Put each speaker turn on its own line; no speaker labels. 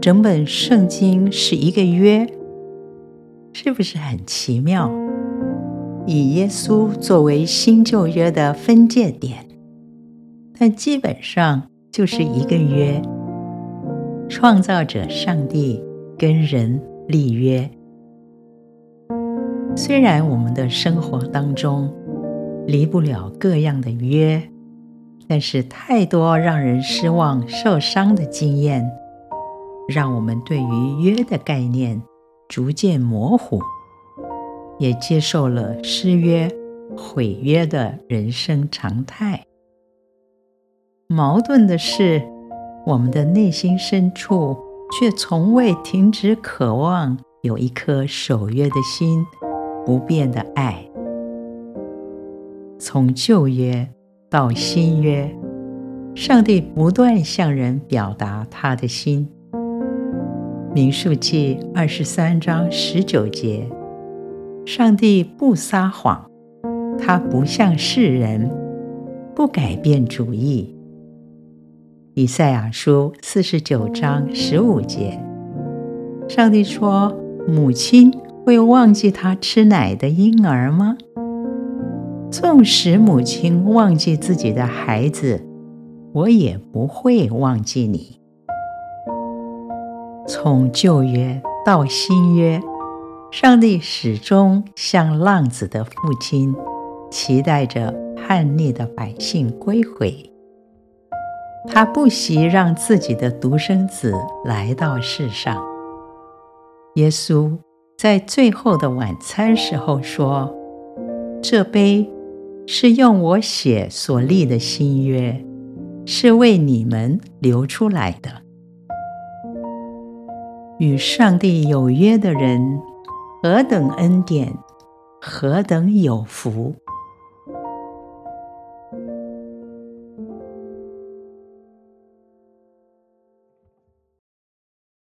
整本聖經是一個約，是不是很奇妙？以耶穌作為新舊約的分界點，但基本上就是一個約，創造者上帝跟人立約。雖然我們的生活當中離不了各樣的約，但是太多讓人失望、受傷的經驗。讓我們對於約的概念逐漸模糊，也接受了失約、毀約的人生常態。矛盾的是，我們的內心深處却從未停止渴望有一顆守約的心，不變的愛。從舊約到新約，上帝不斷向人表達他的心。民數記二十三章十九節：上帝不撒謊，他不像世人，不改變主意。以賽亞書四十九章十五節：上帝說：“母親會忘記她吃奶的嬰兒嗎？縱使母親忘記自己的孩子，我也不會忘記你。”從舊約到新約，上帝始終像浪子的父親，期待着叛逆的百姓歸回。他不惜讓自己的獨生子來到世上。耶穌在最後的晚餐時候說：“這杯是用我血所立的新約，是為你們流出來的。”與上帝有約的人，何等恩典，何等有福。